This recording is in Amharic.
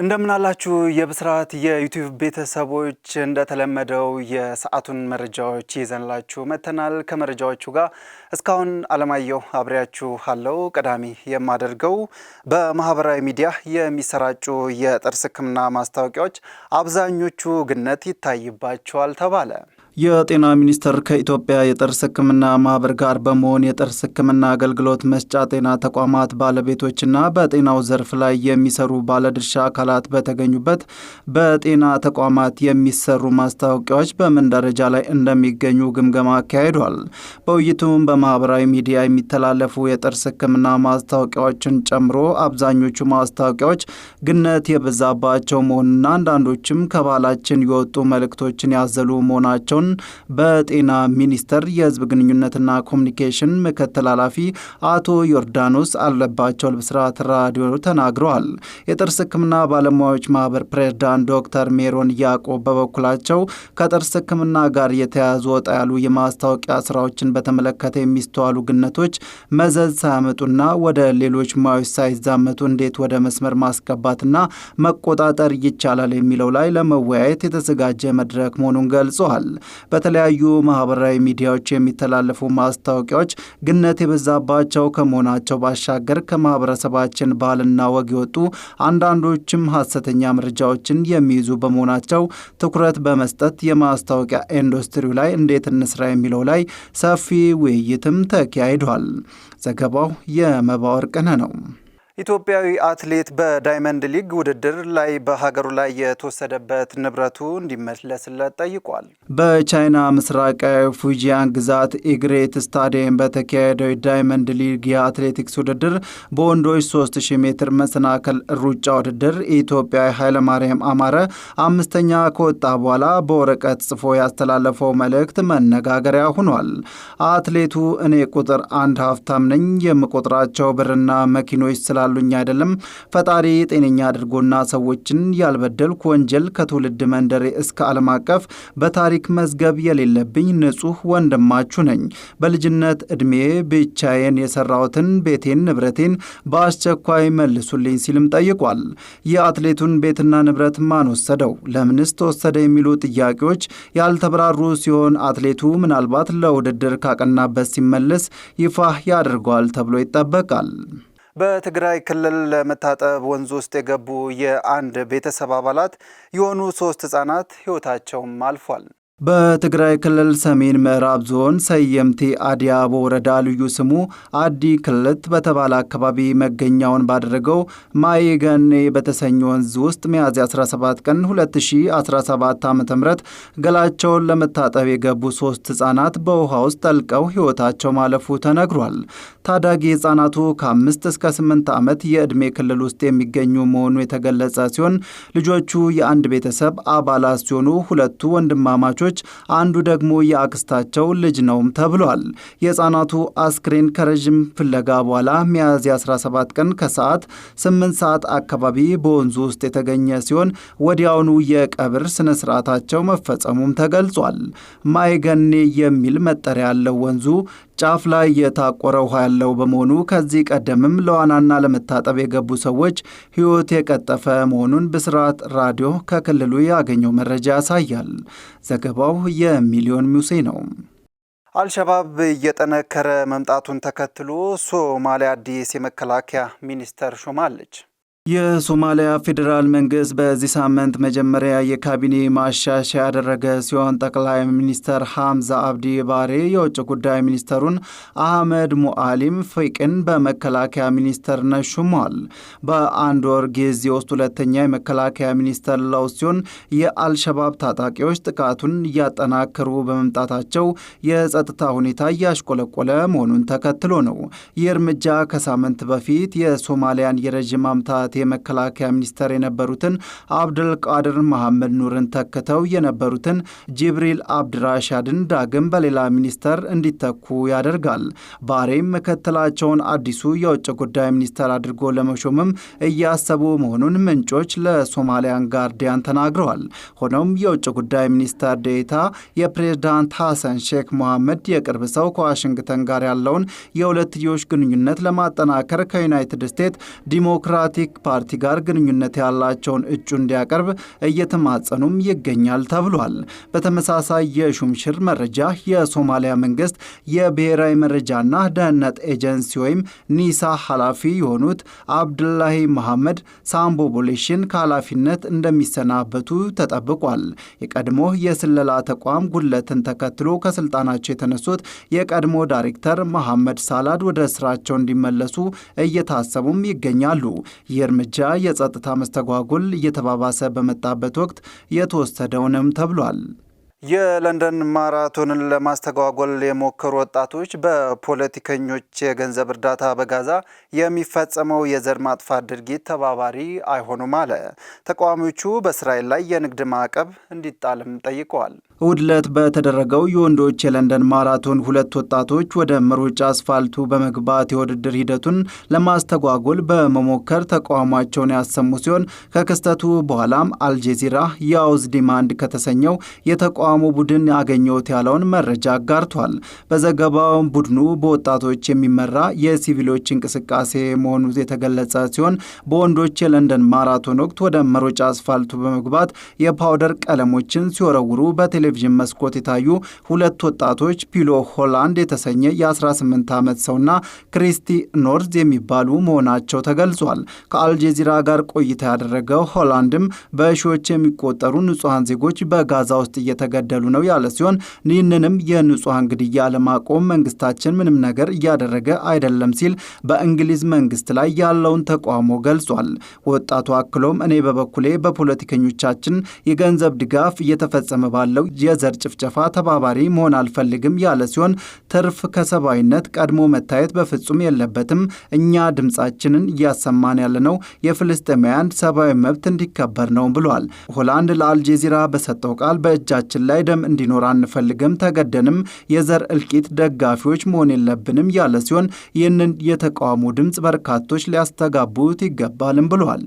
እንደምናላችሁ የብስራት የዩቲዩብ ቤተሰቦች እንደተለመደው የሰዓቱን መረጃዎች ይዘንላችሁ መጥተናል። ከመረጃዎቹ ጋር እስካሁን አለማየሁ አብሬያችሁ አለው። ቀዳሚ የማደርገው በማህበራዊ ሚዲያ የሚሰራጩ የጥርስ ሕክምና ማስታወቂያዎች አብዛኞቹ ግነት ይታይባቸዋል ተባለ። የጤና ሚኒስቴር ከኢትዮጵያ የጥርስ ሕክምና ማህበር ጋር በመሆን የጥርስ ሕክምና አገልግሎት መስጫ ጤና ተቋማት ባለቤቶችና በጤናው ዘርፍ ላይ የሚሰሩ ባለድርሻ አካላት በተገኙበት በጤና ተቋማት የሚሰሩ ማስታወቂያዎች በምን ደረጃ ላይ እንደሚገኙ ግምገማ አካሂዷል። በውይይቱም በማህበራዊ ሚዲያ የሚተላለፉ የጥርስ ሕክምና ማስታወቂያዎችን ጨምሮ አብዛኞቹ ማስታወቂያዎች ግነት የበዛባቸው መሆንና አንዳንዶችም ከባህላችን የወጡ መልእክቶችን ያዘሉ መሆናቸው። መሆናቸውን በጤና ሚኒስቴር የህዝብ ግንኙነትና ኮሚኒኬሽን ምክትል ኃላፊ አቶ ዮርዳኖስ አለባቸው ለብስራት ራዲዮ ተናግረዋል። የጥርስ ሕክምና ባለሙያዎች ማህበር ፕሬዝዳንት ዶክተር ሜሮን ያዕቆብ በበኩላቸው ከጥርስ ሕክምና ጋር የተያያዙ ወጣ ያሉ የማስታወቂያ ስራዎችን በተመለከተ የሚስተዋሉ ግነቶች መዘዝ ሳያመጡና ወደ ሌሎች ሙያዎች ሳይዛመቱ እንዴት ወደ መስመር ማስገባትና መቆጣጠር ይቻላል የሚለው ላይ ለመወያየት የተዘጋጀ መድረክ መሆኑን ገልጸዋል። በተለያዩ ማህበራዊ ሚዲያዎች የሚተላለፉ ማስታወቂያዎች ግነት የበዛባቸው ከመሆናቸው ባሻገር ከማህበረሰባችን ባህልና ወግ የወጡ አንዳንዶችም ሀሰተኛ መረጃዎችን የሚይዙ በመሆናቸው ትኩረት በመስጠት የማስታወቂያ ኢንዱስትሪው ላይ እንዴት እንስራ የሚለው ላይ ሰፊ ውይይትም ተካሂዷል። ዘገባው የመባወር ወርቅነህ ነው። ኢትዮጵያዊ አትሌት በዳይመንድ ሊግ ውድድር ላይ በሀገሩ ላይ የተወሰደበት ንብረቱ እንዲመለስለት ጠይቋል። በቻይና ምስራቃዊ ፉጂያን ግዛት ኢግሬት ስታዲየም በተካሄደው ዳይመንድ ሊግ የአትሌቲክስ ውድድር በወንዶች 3000 ሜትር መሰናከል ሩጫ ውድድር ኢትዮጵያዊ ኃይለማርያም አማረ አምስተኛ ከወጣ በኋላ በወረቀት ጽፎ ያስተላለፈው መልእክት መነጋገሪያ ሆኗል። አትሌቱ እኔ ቁጥር አንድ ሀብታም ነኝ፣ የምቆጥራቸው ብርና መኪኖች ስላል ያሉኝ አይደለም። ፈጣሪ ጤነኛ አድርጎና ሰዎችን ያልበደልኩ ወንጀል ከትውልድ መንደሬ እስከ ዓለም አቀፍ በታሪክ መዝገብ የሌለብኝ ንጹህ ወንድማችሁ ነኝ። በልጅነት ዕድሜ ብቻዬን የሰራሁትን ቤቴን፣ ንብረቴን በአስቸኳይ መልሱልኝ ሲልም ጠይቋል። የአትሌቱን ቤትና ንብረት ማን ወሰደው? ለምንስ ተወሰደ? የሚሉ ጥያቄዎች ያልተብራሩ ሲሆን አትሌቱ ምናልባት ለውድድር ካቀናበት ሲመለስ ይፋ ያደርገዋል ተብሎ ይጠበቃል። በትግራይ ክልል ለመታጠብ ወንዝ ውስጥ የገቡ የአንድ ቤተሰብ አባላት የሆኑ ሶስት ህጻናት ህይወታቸውም አልፏል። በትግራይ ክልል ሰሜን ምዕራብ ዞን ሰየምቲ አዲያቦ ወረዳ ልዩ ስሙ አዲ ክልት በተባለ አካባቢ መገኛውን ባደረገው ማይገኔ በተሰኘ ወንዝ ውስጥ ሚያዝያ 17 ቀን 2017 ዓ ም ገላቸውን ለመታጠብ የገቡ ሶስት ህጻናት በውሃ ውስጥ ጠልቀው ሕይወታቸው ማለፉ ተነግሯል። ታዳጊ ህጻናቱ ከአምስት እስከ ስምንት ዓመት የዕድሜ ክልል ውስጥ የሚገኙ መሆኑ የተገለጸ ሲሆን ልጆቹ የአንድ ቤተሰብ አባላት ሲሆኑ ሁለቱ ወንድማማቾች ልጆች አንዱ ደግሞ የአክስታቸው ልጅ ነውም ተብሏል። የህፃናቱ አስክሬን ከረዥም ፍለጋ በኋላ ሚያዝያ 17 ቀን ከሰዓት 8 ሰዓት አካባቢ በወንዙ ውስጥ የተገኘ ሲሆን ወዲያውኑ የቀብር ስነ ስርዓታቸው መፈጸሙም ተገልጿል። ማይገኔ የሚል መጠሪያ ያለው ወንዙ ጫፍ ላይ የታቆረ ውሃ ያለው በመሆኑ ከዚህ ቀደምም ለዋናና ለመታጠብ የገቡ ሰዎች ሕይወት የቀጠፈ መሆኑን ብስራት ራዲዮ ከክልሉ ያገኘው መረጃ ያሳያል። ዘገባው የሚሊዮን ሙሴ ነው። አልሸባብ እየጠነከረ መምጣቱን ተከትሎ ሶማሊያ አዲስ የመከላከያ ሚኒስተር ሾማለች። የሶማሊያ ፌዴራል መንግስት በዚህ ሳምንት መጀመሪያ የካቢኔ ማሻሻያ ያደረገ ሲሆን ጠቅላይ ሚኒስተር ሐምዛ አብዲ ባሬ የውጭ ጉዳይ ሚኒስተሩን አህመድ ሙአሊም ፊቅን በመከላከያ ሚኒስተርነት ሹመዋል። በአንድ ወር ጊዜ ውስጥ ሁለተኛ የመከላከያ ሚኒስተር ለውጥ ሲሆን የአልሸባብ ታጣቂዎች ጥቃቱን እያጠናከሩ በመምጣታቸው የጸጥታ ሁኔታ እያሽቆለቆለ መሆኑን ተከትሎ ነው። ይህ እርምጃ ከሳምንት በፊት የሶማሊያን የረዥም ዓመታት ጊዜያት የመከላከያ ሚኒስተር የነበሩትን አብድልቃድር መሐመድ ኑርን ተክተው የነበሩትን ጅብሪል አብድራሻድን ዳግም በሌላ ሚኒስተር እንዲተኩ ያደርጋል። ባሬም ምክትላቸውን አዲሱ የውጭ ጉዳይ ሚኒስተር አድርጎ ለመሾምም እያሰቡ መሆኑን ምንጮች ለሶማሊያን ጋርዲያን ተናግረዋል። ሆኖም የውጭ ጉዳይ ሚኒስተር ዴታ የፕሬዝዳንት ሐሰን ሼክ መሐመድ የቅርብ ሰው ከዋሽንግተን ጋር ያለውን የሁለትዮሽ ግንኙነት ለማጠናከር ከዩናይትድ ስቴትስ ዲሞክራቲክ ፓርቲ ጋር ግንኙነት ያላቸውን እጩ እንዲያቀርብ እየተማጸኑም ይገኛል ተብሏል። በተመሳሳይ የሹምሽር መረጃ የሶማሊያ መንግስት የብሔራዊ መረጃና ደህንነት ኤጀንሲ ወይም ኒሳ ኃላፊ የሆኑት አብድላሂ መሐመድ ሳምቦ ቦሌሽን ከኃላፊነት እንደሚሰናበቱ ተጠብቋል። የቀድሞ የስለላ ተቋም ጉድለትን ተከትሎ ከስልጣናቸው የተነሱት የቀድሞ ዳይሬክተር መሐመድ ሳላድ ወደ ስራቸው እንዲመለሱ እየታሰቡም ይገኛሉ። ይህ እርምጃ የጸጥታ መስተጓጉል እየተባባሰ በመጣበት ወቅት የተወሰደው ነው ተብሏል። የለንደን ማራቶንን ለማስተጓጎል የሞከሩ ወጣቶች በፖለቲከኞች የገንዘብ እርዳታ በጋዛ የሚፈጸመው የዘር ማጥፋት ድርጊት ተባባሪ አይሆኑም አለ። ተቃዋሚዎቹ በእስራኤል ላይ የንግድ ማዕቀብ እንዲጣልም ጠይቀዋል። እሁድ ዕለት በተደረገው የወንዶች የለንደን ማራቶን ሁለት ወጣቶች ወደ መሮጫ አስፋልቱ በመግባት የውድድር ሂደቱን ለማስተጓጎል በመሞከር ተቃውሟቸውን ያሰሙ ሲሆን ከክስተቱ በኋላም አልጄዚራ የአውዝ ዲማንድ ከተሰኘው የተቋ የተቃውሞ ቡድን አገኘሁት ያለውን መረጃ አጋርቷል። በዘገባውም ቡድኑ በወጣቶች የሚመራ የሲቪሎች እንቅስቃሴ መሆኑ የተገለጸ ሲሆን በወንዶች የለንደን ማራቶን ወቅት ወደ መሮጫ አስፋልቱ በመግባት የፓውደር ቀለሞችን ሲወረውሩ በቴሌቪዥን መስኮት የታዩ ሁለት ወጣቶች ፒሎ ሆላንድ የተሰኘ የ18 ዓመት ሰውና ክሪስቲ ኖርዝ የሚባሉ መሆናቸው ተገልጿል። ከአልጀዚራ ጋር ቆይታ ያደረገው ሆላንድም በሺዎች የሚቆጠሩ ንጹሐን ዜጎች በጋዛ ውስጥ እየተገ እየተገደሉ ነው ያለ ሲሆን ይህንንም የንጹሐን ግድያ ለማቆም መንግስታችን ምንም ነገር እያደረገ አይደለም ሲል በእንግሊዝ መንግስት ላይ ያለውን ተቃውሞ ገልጿል። ወጣቱ አክሎም እኔ በበኩሌ በፖለቲከኞቻችን የገንዘብ ድጋፍ እየተፈጸመ ባለው የዘር ጭፍጨፋ ተባባሪ መሆን አልፈልግም ያለ ሲሆን ትርፍ ከሰብአዊነት ቀድሞ መታየት በፍጹም የለበትም። እኛ ድምፃችንን እያሰማን ያለነው የፍልስጤማውያን ሰብአዊ መብት እንዲከበር ነው ብሏል። ሆላንድ ለአልጄዚራ በሰጠው ቃል በእጃችን ላይ ደም እንዲኖር አንፈልግም፣ ተገደንም የዘር እልቂት ደጋፊዎች መሆን የለብንም ያለ ሲሆን ይህንን የተቃውሞ ድምፅ በርካቶች ሊያስተጋቡት ይገባልም ብሏል።